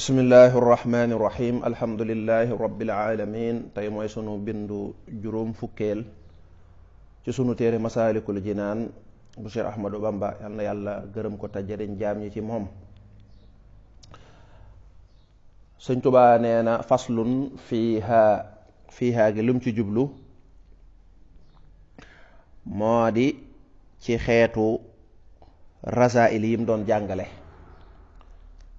bismillahi irrahmani irrahim alhamdulilahi rabbil alamin tey mooy sunu bindu juróom fukkeel ci sunu téere masaalikul jinaan bu Cheikh Ahmadou Bamba yàlla gërëm ko te jëriñ jaam ñi ci moom Sëñ Tubaa nee na faslun fiihaa gi lum ci jublu moo di ci xeetu rasail yi doon jàngale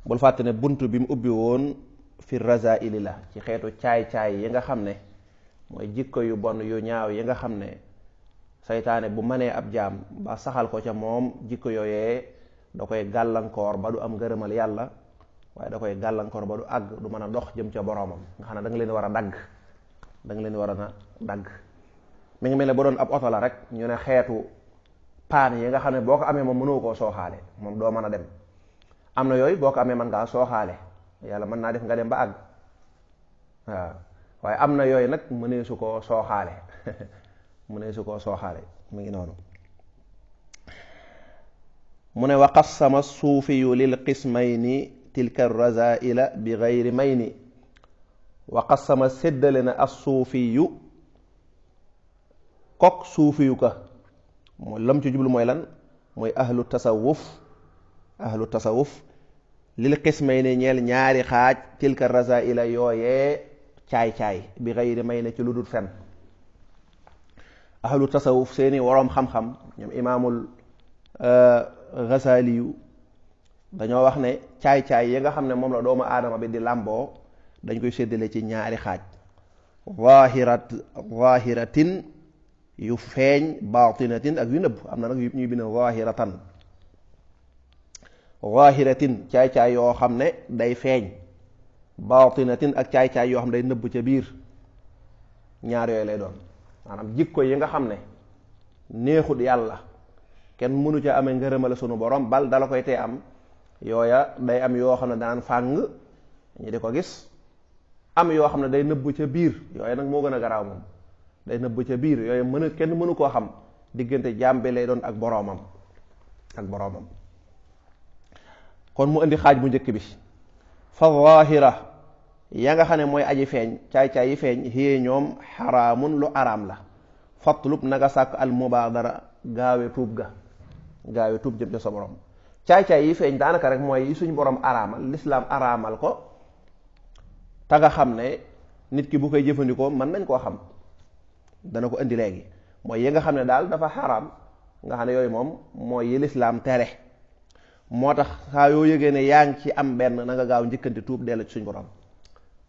bul fàtte bunt bi mu ubbi woon fi razaili la ci xeetu caay-caay yi nga xam ne mooy jikko yu bon yu ñaaw yi nga xam ne seytaane bu mënee ab jaam ba saxal ko ca moom jikko yooyee da koy gàllankoor ba du am ngërëmal yàlla waaye da koy gàllankoor ba du àgg du mën a dox jëm ca boroomam nga xam ne da leen war a dagg da nga leen war a na dagg mi ngi mel ne bu doon ab oto la rek ñu ne xeetu paan yi nga xam ne boo ko amee moom mënoo koo sooxaale moom doo mën a dem am na yooyu boo ko amee man ngaa sooxaale yàlla mën naa def nga dem ba àgg waaw waaye am na yooyu nag mënee su sooxaale mënee su ko sooxaale mu ngi noonu mu ne wa qassama suufiyu lil qismayni tilka razaila bi gayri ni waxas sama seddale na as suufiyu kok suufiyu ka lam ci jublu mooy lan mooy ahlu tasawuf ahlu tasawuf lil may ne ñeel ñaari xaaj tilka rasaila yooyee caay-caay bi xayri may ne ci lu dul fen ahlu tasawuf seeni woroom xam-xam ñoom imaamul euh, Ghazali dañoo wax ne caay-caay yi nga xam ne moom la doomu aadama bi di làmboo dañ koy séddale ci ñaari xaaj zahirat yu feeñ baatinatin ak yu nëbb am na nag yu ñuy bind zahiratan zahiratin caay-caay yoo xam ne day feeñ baatinatin ak caay-caay yoo xam ne day nëbbu ca biir ñaar yooyu lay doon maanaam jikko yi nga xam ne neexut yàlla kenn mënu ca amee ngërëmale sunu borom bal dala koy tee am yooya day am yoo xam ne daan fàng ñu di ko gis am yoo xam ne day nëbbu ca biir yooya nag moo gën a garaaw moom day nëbbu ca biir yooyu mën a kenn mënu koo xam diggante jaam bi lay doon ak boroomam ak boroomam kon mu indi xaaj bu njëkk bi fa zaahira ya nga xam ne mooy aji feeñ caay-caay yi feeñ xiyee ñoom xaraamun lu araam la fatlub na nga sàkk al mubaadara gaawe tuub ga gaawe tuub jëm ca sa borom caay-caay yi feeñ daanaka rek mooy yi suñu borom araamal lislaam araamal ko ta nga xam ne nit ki bu koy jëfandikoo mën nañ koo xam dana ko indi léegi mooy yi nga xam ne daal dafa xaraam nga xam ne yooyu moom mooy yi lislaam tere moo tax saa yoo yëgee ne yaa ngi ci am benn na nga gaaw njëkkante tuub dellu suñ borom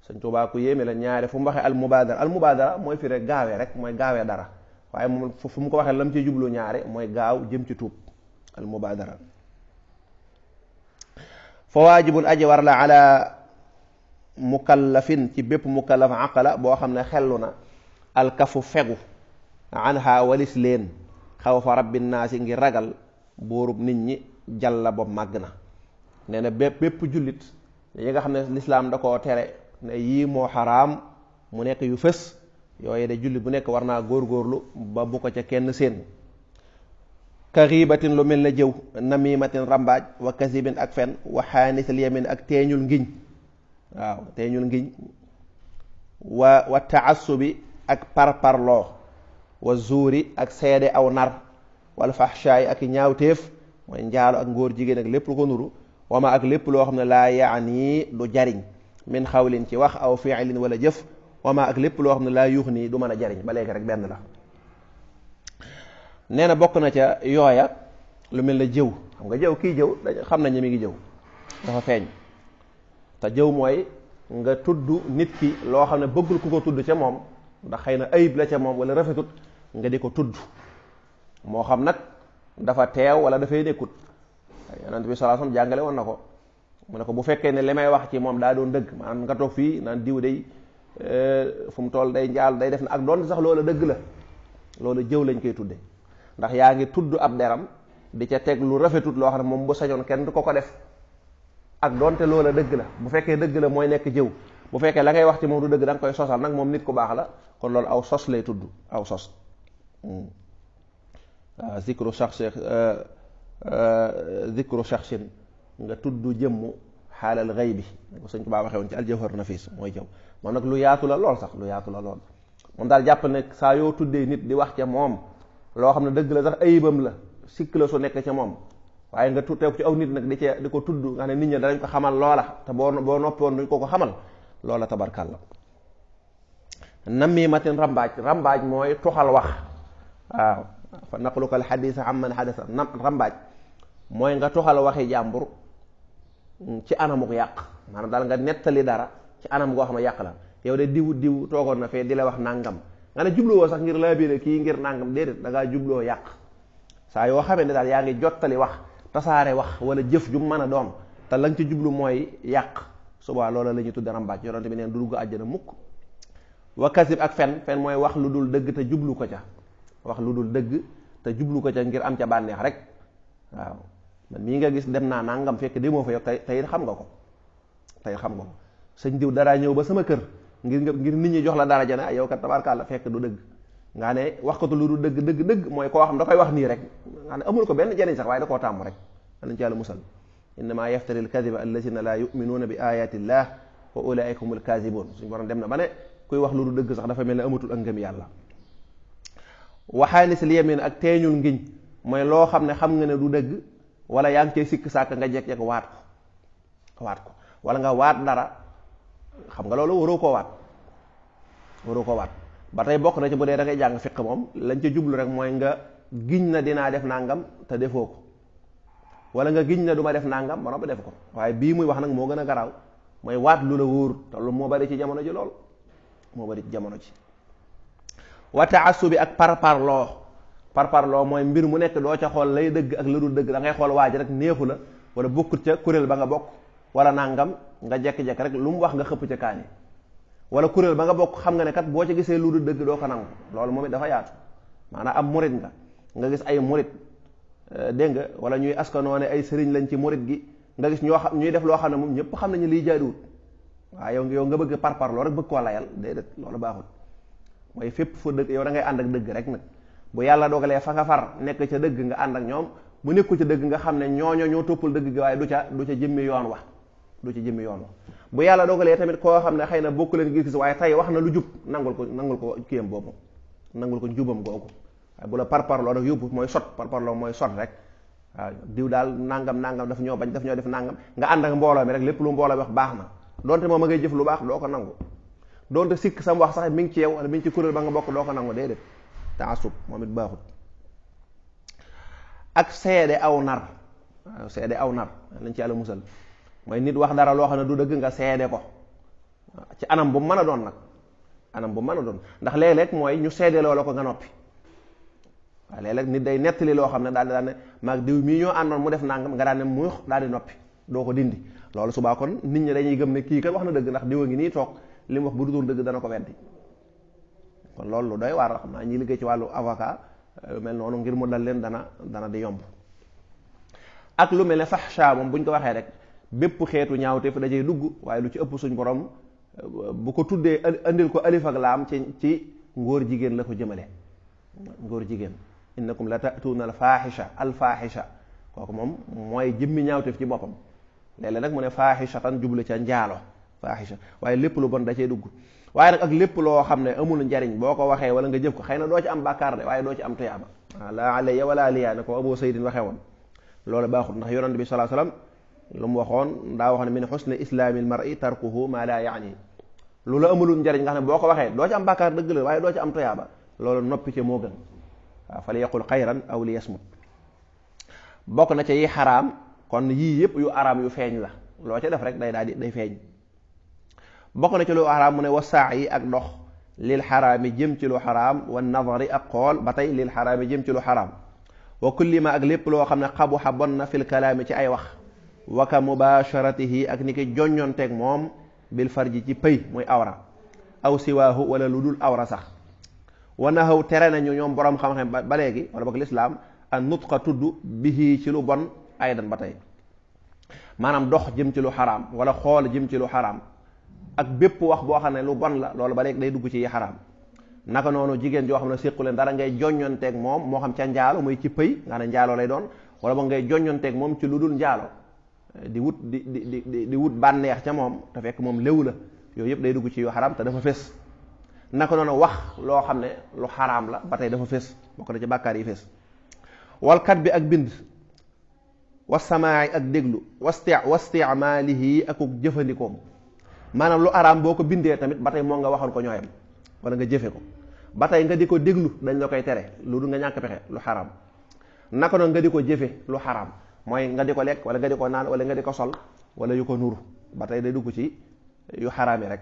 sëñ Tuubaa ku yéeme la ñaare fu mu waxee al mubaadara al mooy fi rek gaawee rek mooy gaawee dara waaye moom fu mu ko waxee lam ci jublu ñaare mooy gaaw jëm ci tuub al mubaadara fa waajibul aji war la mukallafin ci bépp mukallaf aqala boo xam ne xellu na alkafu fegu an ha walis leen xaw fa rabbi naasi ngir ragal buurub nit ñi jàlla ba màgg na nee bépp bépp jullit yi nga xam ne lislaam da koo tere ne yii moo xaraam mu nekk yu fës yooyu de jullit bu nekk war naa góorgóorlu ba bu ko ca kenn seen ka xiibatin lu mel ne jëw namimatin rambaaj wa kasibin ak fen wa xaanisal yamin ak teeñul ngiñ waaw teeñul ngiñ wa wa ak parparloo wa zuuri ak seede aw nar wal faxshaay ak ñaawteef mooy njaalo ak ngóor jigéen ak lépp lu ko nuru wama ak lépp loo xam ne laa yaani du jariñ min xawlin ci wax aw fiilin walla jëf wama ak lépp loo xam ne laa yuux nii du mën a jariñ ba léegi rek benn la nee na bokk na ca yooya lu mel na jëw xam nga jëw kii jëw dañ xam nañ ne mi ngi jëw dafa feeñ te jëw mooy nga tudd nit ki loo xam ne bëggul ku ko tudd ca moom ndax xëy na ayib la ca moom wala rafetut nga di ko tudd moo xam nag dafa teew wala dafay nekkut yonent bi sallallahu alayhi jàngale woon na ko mu ne ko bu fekkee ne li may wax ci moom daa doon dëgg maanaam nga toog fii naan diw day eh, fu mu toll day njaal day def ak doon sax loola dëgg la loola jëw lañ koy tudde ndax yaa ngi tudd ab deram di ca teg lu rafetut loo xam ne moom bu sañoon kenn du ko ko def ak doonte loola dëgg la bu fekkee dëgg la mooy nekk jëw bu fekkee la ngay wax ci moom du dëgg da koy sosal nag moom nit ku baax la kon loolu aw sos lay tudd aw sos hmm. Euh, zikru shaxsi euh, euh, zikru shaxsin nga tudd jëmm xaalal xëy bi ko sëñ Tuubaa waxee woon ci aljawhar nafis mooy jëw moom nag lu yaatu la lool sax lu yaatu la lool moom daal jàpp ne saa yoo tuddee nit di wax ca moom loo xam ne dëgg la sax ayibam la sikk la su nekk ci moom waaye nga tuddee ko ci aw nit nag di cee di ko tudd nga ne nit ñi danañ ko xamal loola te boo boo noppoon duñ ko ko xamal loola tabarkal la namimatin rambaaj rambaaj mooy tuxal wax fa naqlukal xadisa am man xadasa na rambaaj mooy nga toxal waxi jàmbur mm, ci anamuk yàq maanaam daal nga nettali dara ci anam goo xam ne yàq la yow de diw diw toogoon na fee di la wax nàngam nga ne jubloo sax ngir laabire kii ngir nàngam déedéet da ngaa jubloo yàq saa yoo xamee ne daal yaa ngi jottali wax tasaare wax wala jëf ju mën a doom te lañ ci jublu mooy yàq subaa loola la ñuy tudd rambaaj yonente bi neen du dugg àjjana mukk wa kasib ak fen mooy wax lu dul dëgg te jublu ko ca wax lu dul dëgg te jublu ko ca ngir am ca bànneex rek waaw man mii nga gis dem naa nangam fekk demoo fa yow tey tey xam nga ko tey xam nga ko sëñ diw dara ñëw ba sama kër ngir ngir nit ñi jox la dara jana ah, yow kat tabarkàlla fekk du dëgg nga ne wax ko lu dul dëgg dëgg dëgg mooy koo xam da koy wax nii rek nga ne amul ko benn jariñ sax waaye da koo tàmm rek nañ ci yàlla musal innama yaftari alkadiba allazina laa yuminuuna bi ayati llah wa ulaika humul kazibun suñu borom dem na ba ne kuy wax lu dëgg sax dafa mel ne amatul ak yàlla waxaanisal yemin ak teeñul ngiñ mooy loo xam ne xam nga ne du dëgg wala yaa ngi cay sikk sàkk nga jekk-jekk waat ko waat wala nga waat dara xam nga loolu waroo ko waat waroo koo waat ba tey bokk na ci bu dee da jàng fiq moom lañ ca jublu rek mooy nga giñ na dinaa def nangam te defoo ko wala nga giñ na du ma def nangam ba def ko waaye bii muy wax nag moo gën a garaaw mooy waat lu la wóor te lu moo bari ci jamono ji loolu moo bari ci jamono ji wa taassubi ak par par loo par loo mooy mbir mu nekk doo ca xool lay dëgg ak la dul dëgg da ngay xool waa ji rek neexu la wala bokkut ca kuréel ba nga bokk wala nangam nga jekk-jekk rek lu mu wax nga xëpp ca kaani wala kuréel ba nga bokk xam nga ne kat boo ca gisee lu dul dëgg doo ko nangu loolu moom it dafa yaatu maanaam ab murit nga nga gis ay murit euh, dégg nga wala ñuy askanoo ne ay sëriñ lañ ci murit gi nga gis ñoo xam ñuy def loo xam ne moom ñëpp xam nañu liy jaaduwut waaw yow yow nga bëgg parparloo rek bëgg koo layal déedéet loolu baaxul mooy fépp fa dëgg yow da ngay ànd ak dëgg rek nag bu yàlla dogalee fa nga far nekk ca dëgg nga ànd ak ñoom bu nekku ca dëgg nga xam ne ñooño ñoo toppal dëgg gi waaye du ca du ca jëmmi yoon wa du ca jëmmi yoon wax bu yàlla dogalee tamit koo xam ne xëy na bokk leen gis-gis waaye tey wax na lu jub nangul ko nangul ko kiyam boobu nangul ko njubam googu waaye bu la parparloo daf yóbbu mooy sot parparloo mooy sot rek waaw diw daal nangam nangam daf ñoo bañ daf ñoo def nangam nga ànd ak rek lépp lu mbooloo mi wax baax na donte moom a ngay jëf lu baax doo ko nangu doonte sikk sam wax sax mi ngi ci yow wala mi ngi ci kuréel ba nga bokk doo ko nangu déedéet taasub moom it baaxut ak seede aw nar waaw seede aw nar nañ ci yàlla musal mooy nit wax dara loo xam ne du dëgg nga seede ko ci anam bu mën a doon nag anam bu mën a doon ndax léeg-léeg mooy ñu seede loola ko nga noppi waaye léeg-léeg nit day nettali loo xam ne daal di daan ne maag diw mii ñoo àndoon mu def nangam nga daan ne mu daal di noppi doo ko dindi loolu subaa kon nit ñi dañuy gëm ne kii kat wax na dëgg ndax diw a nii toog li wax bu dul dëgg dana ko weddi kon loolu lu doy waar xam naa ñi liggéey ci wàllu avocat euh, mel noonu ngir mu dal leen dana dana di yomb ak lu mel ne faxsha moom bu ñu ko waxee rek bépp xeetu ñaawteef dajay dugg waaye lu ci ëpp suñ borom euh, bu ko tuddee indil ko alif laa am ci ci ngóor jigéen la ko jëmale ngóor jigéen innakum la ta'tuuna na faaxisha al faaxisha kooku moom mooy jëmmi ñaawteef ci boppam léeg-léeg nag mu ne faaxisha tan jublu ca njaalo faaxisha waaye lépp lu bon da cee dugg waaye nag ak lépp loo xam ne amul njariñ boo ko waxee wala nga jëf ko xëy na doo ci am bàkkaar de waaye doo ci am tuyaaba waaw ah, laa alayya wala aliya na ko Abu Saydin woon loolu baaxul ndax yonent bi sallallahu alayhi wasallam lu mu waxoon daa wax ne min husni islaamil mar'i tarkuhu ma la yaani lu la amulul njariñ nga xam ne boo ko waxee doo ci am bàkkaar dëgg la waaye doo ci am tuyaaba loolu noppi ci moo gën waaw ah, fa li yaqul xayran aw li yasmut bokk na ca yi xaraam kon yii yëpp yu araam yu feeñ la loo ci def rek day daal di day feeñ bokk na ci lu xaraam mu ne wa saa yi ak dox lil xaraami jëm ci lu xaraam wa nazari ak xool ba tey lil xaraami jëm ci lu xaraam wa kulli ma ak lépp loo xam ne xab bon na fil kalaami ci ay wax wa ka mubasharatihi ak ni ki joññonteeg moom bil farji ci pëy muy awra aw siwaahu wala lu dul awra sax wa nahaw tere nañu ñoom borom xam-xam ba léegi wala boog lislaam an nutqa tudd bihi ci lu bon ay dan ba tey maanaam dox jëm ci lu xaraam wala xool jëm ci lu xaraam ak bépp wax boo xam ne lu bon la loolu ba léegi day dugg ci yi naka noonu jigéen joo xam ne séqu leen dara ngay joññonteeg moom moo xam ca njaalo mooy ci pëy nga ne njaalo lay doon wala ba ngay joññonteeg moom ci lu dul njaalo di wut di di di di wut bànneex ca moom te fekk moom léwu la yooyu yëpp day duggu ci yu xaraam te dafa fés naka noonu wax loo xam ne lu xaraam la ba tey dafa fés bokk na ci bàkkaar yi fés walkat bi ak bind wasamaay ak déglu wasti wastimaalihi akuk jëfandikoom maanaam lu araam boo ko bindee tamit ba tey moo nga waxoon ko ñooyam wala nga jëfe ko ba tey nga di ko déglu dañ la koy tere lu du nga ñàkk pexe lu xaraam naka noonu nga di ko jëfe lu xaraam mooy nga di ko lekk wala nga di ko naan wala nga di ko sol wala yu ko nuru ba tey day dugg ci yu xaraam yi rek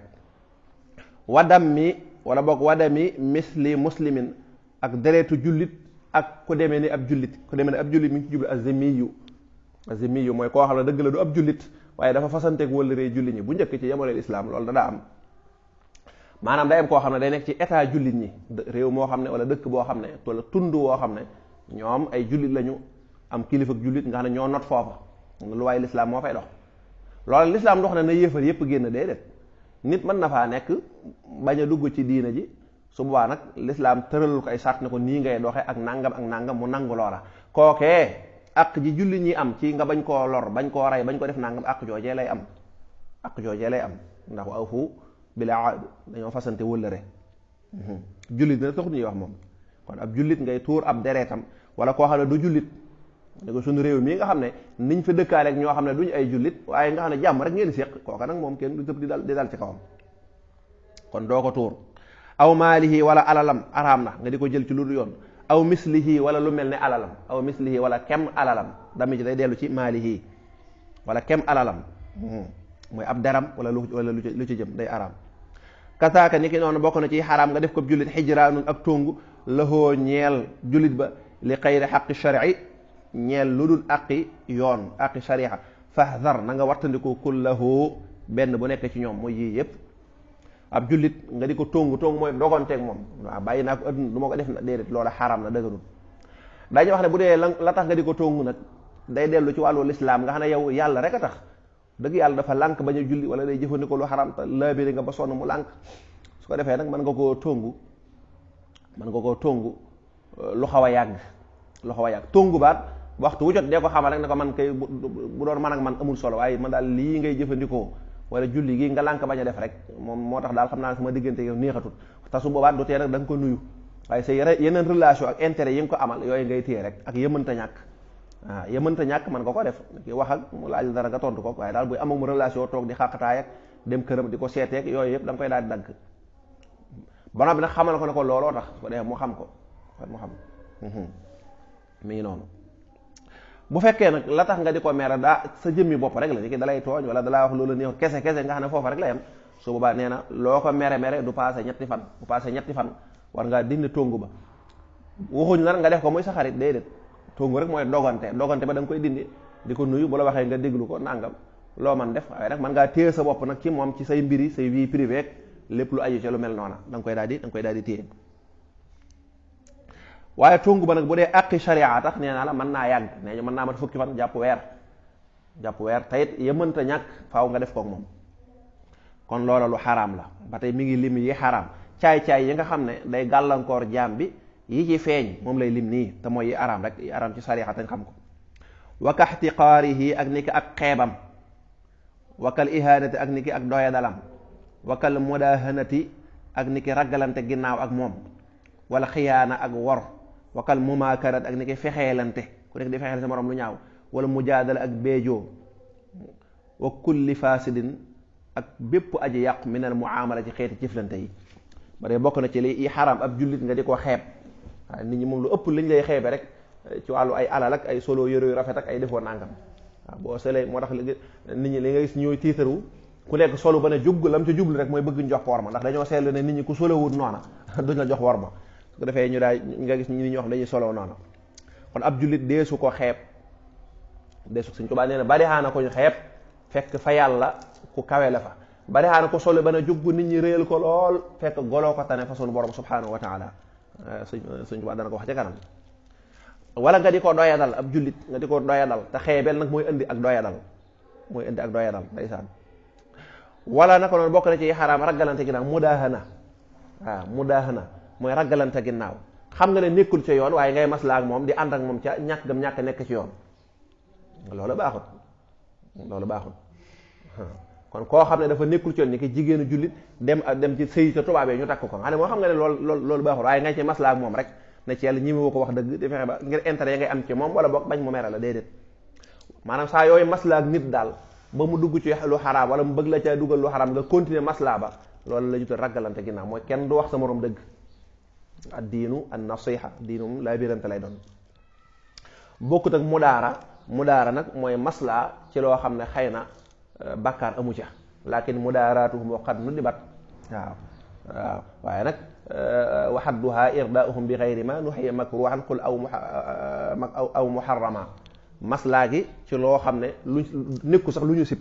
wadam mi wala boog wadami misli muslimin ak deretu jullit ak ku demee ni ab jullit ku demee ni ab jullit mi ngi ci jublu azimiyu azimiyu mooy koo xam ne dëgg la du ab jullit waaye dafa fasanteeg wëllëree jullit ñi bu njëkk ci yemaleel islam loolu dadaa am maanaam day am koo xam ne day nekk ci état jullit ñi réew moo xam ne wala dëkk boo xam ne wala tund woo xam ne ñoom ay jullit lañu am kilifa jullit nga xam ñoo not foofa lu waaye lislaam moo fay dox loolu lislaam dox na na yéefar yépp génn déedéet nit mën na faa nekk bañ a dugg ci diina ji su boobaa nag lislaam tëral ko ay sart ne ko nii ngay doxe ak nangam ak nangam mu nangu loola kookee àq ji julli ñi am ci nga bañ koo lor bañ koo rey bañ ko def nangam àq joojee lay am àq joojee lay am ndax aw fu bila aad dañoo fasante wëllëre mhm. jullit dina taxut ñuy wax moom kon ab jullit ngay tuur ab deretam wala koo xam ne du jullit ne ko suñu réew mii nga xam ne niñ fi dëkkaale ak ñoo xam ne duñ ay jullit waaye nga xam ne jàmm rek ngeen séq kooka nag moom kenn du tëb di dal di dal ci kawam kon doo ko tuur aw maalihi wala alalam araam na nga di ko jël ci lu yoon aw mislihi wala lu mel ni alalam aw mislihi wala kem alalam dami ji day dellu ci maalihi wala kem alalam hmm. mooy ab daram wala lu wala lu ci jëm day araam kasaaka ni ki noonu bokk na ci xaraam nga def ko jullit xijraanun ak tongu lahoo ñeel jullit ba li xayri xaqi sharci ñeel lu dul aqi yoon aqi shari'a fahdar na nga wattandiku kullahu benn bu nekk ci ñoom mooy yii yëpp ab jullit nga di ko tong tóngu mooy dogonteeg moom waaw bàyyi naa ko adduna du ko def na déedéet loola xaram na dëgërul dañu wax ne bu dee la tax nga di ko tóngu nag day dellu ci wàllu lislaam nga xam ne yow yàlla rek a tax dëgg yàlla dafa lànk bañ a julli wala day jëfandikoo lu xaram te laabiri nga ba sonn mu lànk su ko defee nag mën nga koo tóngu mën nga koo tóngu euh, lu xaw a yàgg lu xaw a yàgg tóngu baat waxtu wu jot dee ko xamal rek ne ko man kay bu man ak man amul solo waaye man lii ngay jëfandikoo wala julli gi nga lànk bañ a def rek moom moo tax daal xam naa sama diggante yow neexatut te su boobaa du tee nag da ko nuyu waaye sa yeneen relation ak intérêt yi nga ko amal yooyu ngay téye rek ak yëmënta ñàkk waaw ah, yëmënta ñàkk mën nga ko def ki wax ak mu dara nga tontu ko waaye daal buy amam relation toog di xàqataay ak dem këram di ko seeteek yooyu yëpp da nga koy daal di dagg banaa bi nag xamal ko ne ko looloo tax su ko defee mu xam ko kon mu xam mhm. mi ngi noonu bu fekkee nag la tax nga di ko mere daa sa jëmmi bopp rek la ni ki dalay tooñ wala dalaa wax loola neex kese kese nga xam ne foofa rek la yem su boobaa nee loo ko mere mere du passé ñetti fan bu passé ñetti fan war ngaa dindi tongu ba waxuñ la nga def ko muy sa xarit déedéet tongu rek mooy dogante dogante ba da nga koy dindi di ko nuyu bu la waxee nga déglu ko nangam loo man def waaye nag man ngaa téye sa bopp nag ci moom ci say mbiri say vie privée lépp lu aju ci lu mel noona da nga koy daal di da daal di téye waaye tongu ba nag bu dee àqi sharia tax nee naa la mën naa yàgg nee ñu mën naa mat fukki fan jàpp weer jàpp weer tayit yëmënta ñàkk faaw nga def koog moom kon loola lu xaraam la ba tey mi ngi lim yi xaraam caay-caay yi nga xam ne day gàllankoor jaam bi yi ci feeñ moom lay lim nii te mooy yi araam rek yi araam ci sarixa tañ xam ko waka ak niki ak xeebam wakal ihanati ak niki ak doya dalam wakal ak niki ragalante ginnaaw ak moom wala xiyaana ak wor wakal mumaakarat ak ni koy fexeelante ku nekk di fexeel sa morom lu ñaaw wala mujaadala ak beejoo wa kulli fasidin ak bépp aji yàqu minal muamala ci xeeti jëflante yi ba dee bokk na ci li i xaram ab jullit nga di ko xeeb waaye nit ñi moom lu ëpp liñ lay xeebe rek eh, ci wàllu ay alal ak ay solo yëre yu rafet ak ay defoo nangam waaw boo solee moo tax nit ñi li nga gis ñooy tiitaru ku nekk solu ba ne jugg lam ca jublu rek mooy bëgg ñu jox ko ma ndax dañoo seetlu ne nit ñi ku solowut noona duñ la jox war ma bu defee ñu daay nga gis ñu ñoo xam dañuy solo noonu kon ab jullit deesu ko xeeb deesu suñ Tuubaa nee na bari xaana ko ñu xeeb fekk fa yàlla ku kawe la fa bari xaana ko solo ba na jug nit ñi réel ko lool fekk goloo ko tane fa sunu borom subhanahu Sëñ eh, Sëñ eh, Tuubaa dana ko wax ci kanam wala nga di ko doyadal ab jullit nga di ko doyadal te xeebel nag mooy indi ak doyadal mooy indi ak doyadal ndeysaan wala naka noonu bokk na ci xaraam raggalante ginnaaw mudaahana waaw ah, mudaahana mooy ragalante ginnaaw xam nga ne nekkul ca yoon waaye ngay maslaa ak moom di ànd ak moom ca ñàkk gam ñàkk nekk ci yoon loolu baaxul loolu baaxul kon koo xam ne dafa nekkul ci yoon ni ki jigéenu jullit dem dem ci sëy ca tubaab yi ñu takk ko xam ne moo xam nga ne loolu loolu loolu baaxul waaye ngay ci maslaa ak moom rek na ci yàlla ñi ma ko wax dëgg di fexe ba ngir intérêt ya ngay am ci moom wala boog bañ mu mere la déedéet maanaam saa yooyu maslaa nit daal ba mu dugg ci lu xaraam wala mu bëgg la ca xaraam nga continuer maslaa ba loolu la ñu tudd ragalante mooy kenn du wax sa morom dëgg ad diinu an nasiha diinum laa birante lay doon bokkut ak mudaara mudaara nag mooy maslaa ci loo xam ne xëy na euh, bàkkaar amu ca laakin mudaaraatuhum waqad nudibat waaw waaw waaye nag euh, waxadduha irdaauhum bi xayri ma nuxiya makruhan qul aw aw aw muharrama maslaa gi ci loo xam ne lu nekku sax lu ñu sib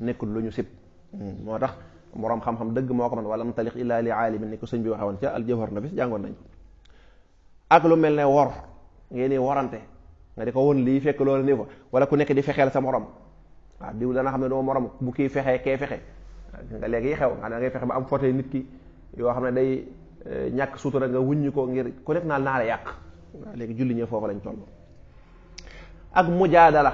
nekkul lu ñu sib hmm. moo tax boroom xam-xam dëgg moo ko man wala mu talix illaa li aalimin ni ko sëñ bi waxee woon ca aljawhar nafis jàngoon nañ ak lu mel ne wor ngeen di warante nga di ko woon lii fekk loolu nii fa wala ku nekk di fexeel sa morom waaw diw dana xam ne duma morom bu kii fexee kee fexe nga léegi xew nga ngay fexe ba am foto nit ki yoo xam ne day eh, ñàkk sutura nga wuññi ko ngir ku nekk naa la yàq léegi julli ñee foofu lañ toll ak mujaadala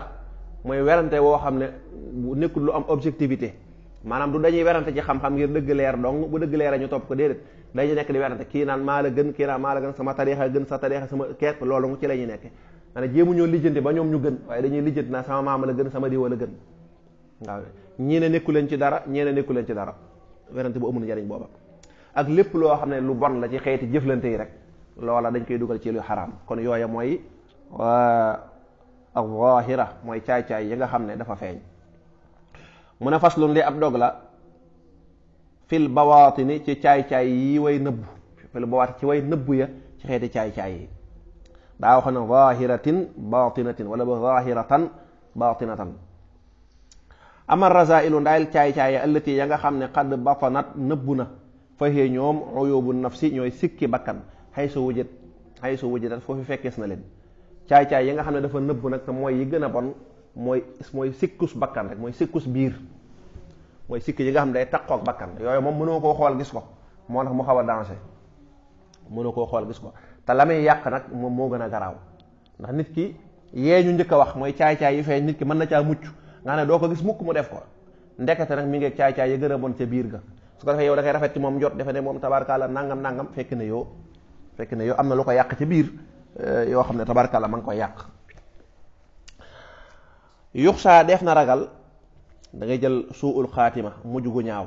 mooy werante woo xam ne bu nekkul lu am objectivité maanaam du dañuy werante ci xam-xam ngir dëgg leer dong bu dëgg leer a ñu topp ko déedéet dañuy nekk di werante kii naan maa la gën kii naan maa la gën sama tariixa gën sa tariixa sama kepp loolu mu ci la ñuy nekk maanaam jéemu ñoo lijjanti ba ñoom ñu gën waaye dañuy lijjanti naa sama maama a gën sama diwa la gën waaw ñii ne nekku leen ci dara ñii ne nekku leen ci dara werante bu amul njariñ booba ak lépp loo xam ne lu bon la ci xeeti jëflante yi rek loola dañ koy dugal ci lu xaraam kon mooy ak mooy caay yi nga xam ne dafa feeñ mu ne faslun li ab dog la fil bawaatini ci caay-caay yi way nëbbu fil bawaati ci way nëbbu ya ci xeeti caay-caay yi daa wax ne zahiratin wala ba zahiratan batinatan ama ya nga xam ne xad batanat nëbbu na faxee ñoom uyubu nafsi ñooy sikki bakkan xay su wujjat xay su wujjatat foofu fekkees na leen caay-caay yi nga xam ne dafa nëbbu nag te mooy yi gën a bon mooy mooy sikkus bakkan rek mooy sikkus biir mooy sikk yi nga xam ne day taqoo ak bakkan yooyu moom mënoo koo xool gis ko moo tax mu xaw a danger mënoo koo xool gis te la muy yàq nag moom moo gën a garaaw ndax nit ki yee ñu njëkk wax mooy caay yi feeñ nit ki mën na caa mucc nga ne doo ko gis mukk mu def ko ndekete nag mi ngi caay-caay yi gën a bon ca biir ga su ko defee yow da rafet ci moom jot defe ne moom tabarkaala nangam nangam fekk ne yow fekk ne yow am na lu ko yàq ci biir eh, yoo xam ne tabarkaala ma ngi koy yàq saa def na ragal da ngay jël suul xaatima mujj gu ñaaw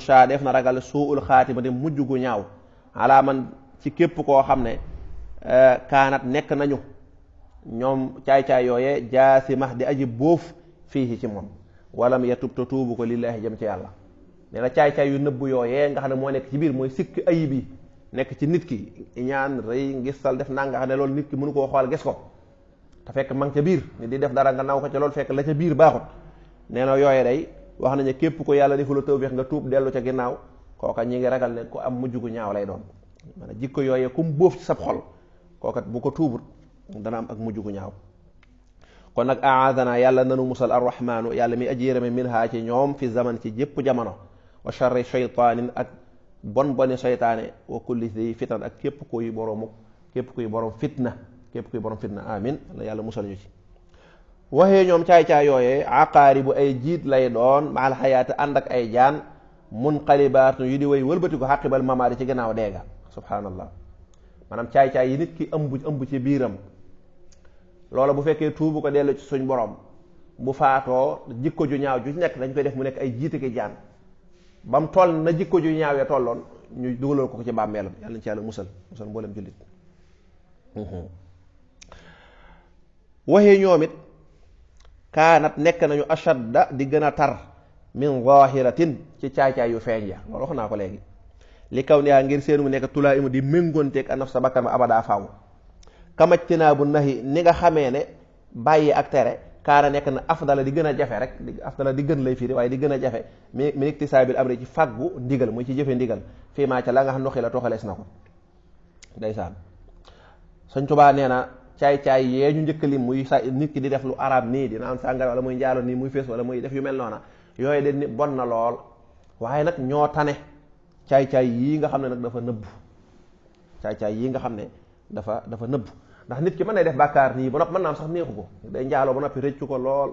saa def na ragal suul xaatima de mujj gu ñaaw alaa man ci képp koo xam ne eh, kaanat nekk nañu ñoom caay-caay yooye max di aji bóof fii ci moom walam yatub te tuubu ko lillaahi jëm ci yàlla nee na caay-caay yu nëbbu yooyee nga xam ne moo nekk ci biir mooy sikk ayib yi nekk ci nit ki ñaan rëy ngisal def naa nga xam ne loolu nit ki mënu koo xool gis ko te fekk man ngi ca biir ni di def dara nga naw ko ca loolu fekk la ca biir baaxut nee na yooye day wax nañu képp ko yàlla defula tawfeex nga tuub dellu ca ginnaaw kooka ñi ngi ragal ne ku am mujj gu ñaaw lay doon man jikko yooye kum bóof ci sab xol kookat bu ko tuubut am ak mujj gu ñaaw kon nag aadana yàlla nanu musal arrahmaanu yàlla mi aji yérame mi haa ci ñoom fi zaman ci jépp jamono wa charri shaytaanin ak bon boni seytaane wa kulli di fitan ak képp kuy boroomu képp kuy boroom fitna képp kuy borom fitna amin yàlla musal ñu ci waxee ñoom caay-caay yooyee aqaari bu ay jiit lay doon maal xayaata ànd ak ay jaan munqalibaatu yu di way wëlbati ko xaqibal mamaari ci gannaaw deega subhaanallah maanaam caay-caay yi nit ki ëmb ëmb ci biiram loola bu fekkee tuubu ko dellu ci suñ boroom bu faatoo jikko ju ñaaw ju nekk dañ koy def mu nekk ay jiite ki jaan ba mu toll na jikko ju ñaawee tolloon ñu dugalal ko ko ci bàmmeelam yàlla na ci yàlla musal musal mboolem jullit waxee ñoom it kaanat nekk nañu ashadda di gën a tar min zahiratin ci caay-caay yu feeñ ya loolu wax naa ko léegi li kaw ne yaa ngir seen mu nekk tulaa imu di méngoonteeg anaf sa bakkan ba abadaa faaw kamaccinaa bu nahi ni nga xamee ne bàyyi ak tere kaana nekk na afdala di gën a jafe rek afdala di gën lay fiir waaye di gën a jafe mi mi iktisaabil amri ci fàggu ndigal muy ci jëfe ndigal fii maa ca la nga xam noxi la toxalees na ko ndeysaan sëñ Tuubaa nee na caay-caay yee ñu njëkk lim muy sa nit ki di def lu arab nii di naan sàngara wala muy njaalo nii muy fees wala muy def yu mel noona yooyu de ni bon na lool waaye nag ñoo tane caay-caay yii nga xam ne nag dafa nëbb caay yii nga xam ne dafa dafa nëbb ndax nit ki mën nay def bàkkaar nii ba noppi naa am sax ko day njaaloo ba noppi rëccu ko lool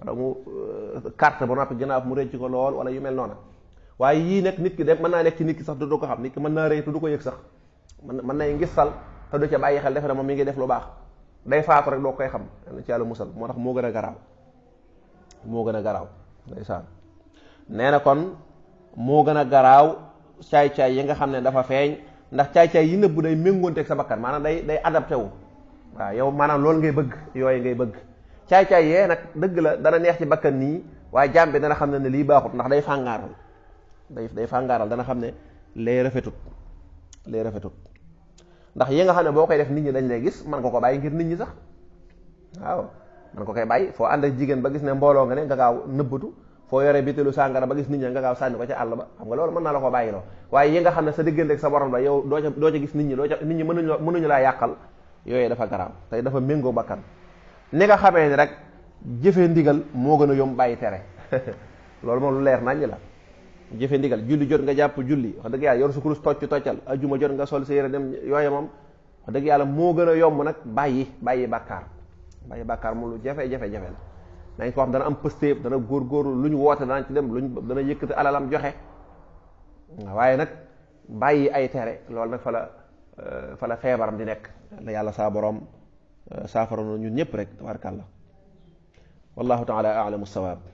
wala mu euh, carte ba mu rëccu ko lool wala yu mel noona waaye yii nag nit ki de mën naa nekk ci nit ki sax du ko xam nit ki mën naa rëy du ko yëg sax man mën mën nay sal te du ca bàyyi xel defe na moom mi ngi def lu baax day faatu rek doo koy xam yàlla ci yàlla musal moo tax moo gën a garaaw moo gën a garaaw ndeysaan nee na kon moo gën a garaaw caay-caay yi nga xam ne dafa feeñ ndax caay-caay yi nëbbu day méngoonteeg sa bakkan maanaam day day adapté wu waaw yow maanaam loolu ngay bëgg yooyu ngay bëgg caay-caay yee nag dëgg la dana neex ci bakkan nii waaye jàmm bi dana xam ne ne lii baaxut ndax day fàngaaral day day fàngaaral dana xam ne lee rafetut lee rafetut ndax yi nga xam ne boo koy def nit ñi dañ lay gis man ko ko bàyyi ngir nit ñi sax waaw man ko koy bàyyi foo ànd ak jigéen ba gis ne mbooloo nga ne nga gaaw nëbbatu foo yore bitelu sàngara ba gis nit ñi nga gaaw ko ca àll ba xam nga mën naa la ko bàyyi loo xam ne sa diggante ak sa borom la yow doo ca doo ca gis nit ñi doo ca nit ñi mënuñu mënuñu laa yàqal yooyu dafa garaaw tey dafa méngoo bakkan ni nga xamee ni rek jëfee ndigal moo gën a yomb bàyyi tere loolu moom lu leer nañ la jëfe ndigal julli jot nga jàpp julli wax dëgg yàlla yor su kurus tocc toccal ajjuma jot nga sol sa yére dem yooye moom wax yàlla moo gën a yomb nag bàyyi bàyyi bàkkaar bàyyi bàkkaar moom jafe-jafe-jafe la dañ dana am pëstéeb dana góorgóorlu lu ñu woote dana ci dem luñ dana yëkkati alalam joxe waaye nag bàyyi ay tere loolu nag fa la euh, fa la feebaram di nekk la yàlla saa boroom euh, saafara noonu ñun ñëpp rek tabarakàllah wallahu taala alamu sawaab